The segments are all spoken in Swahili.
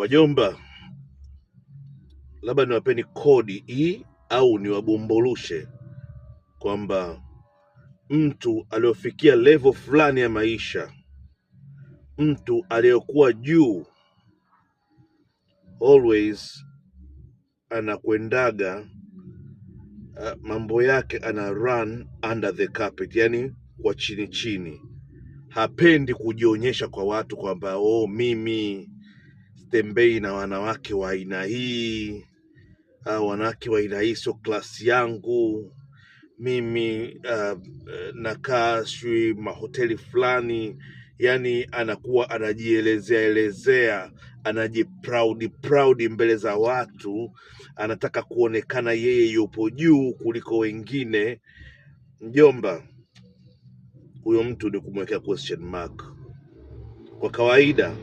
Wajomba, labda niwapeni kodi hii au niwabombolushe kwamba mtu aliyofikia level fulani ya maisha, mtu aliyekuwa juu always anakwendaga uh, mambo yake ana run under the carpet, yani kwa chini chini, hapendi kujionyesha kwa watu kwamba oh, mimi sitembei na wanawake wa aina hii, au wanawake wa aina hii sio klasi yangu mimi. Uh, nakaa sijui mahoteli fulani, yani anakuwa anajielezea elezea, anajiproudi proudi mbele za watu, anataka kuonekana yeye yupo juu kuliko wengine. Mjomba, huyo mtu ni kumwekea question mark. Kwa kawaida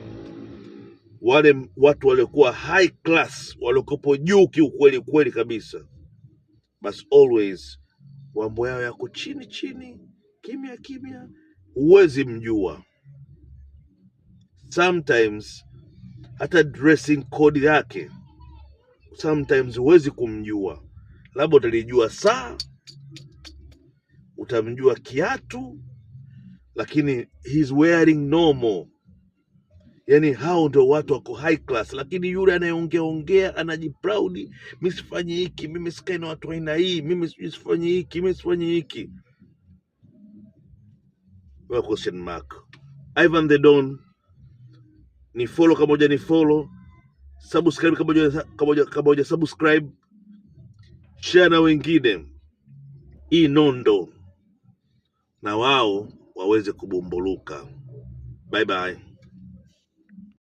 wale watu waliokuwa high class waliokopo juu kiukweli kweli kabisa, but always mambo yao yako chini chini, kimya kimya, huwezi mjua. Sometimes hata dressing code yake sometimes huwezi kumjua, labda utalijua saa, utamjua kiatu, lakini he's wearing normal yani hao ndio watu wako high class, lakini yule anayeongeaongea anajiproudi, mi sifanyi hiki, mimi sikae na watu aina hii, mimi sijui sifanye hiki, mimi sifanyi hiki. question mark. Ivan the Don ni follow kama ni follow, subscribe kama kama kama subscribe, share na wengine hii nondo, na wao waweze kubumbuluka. Bye bye.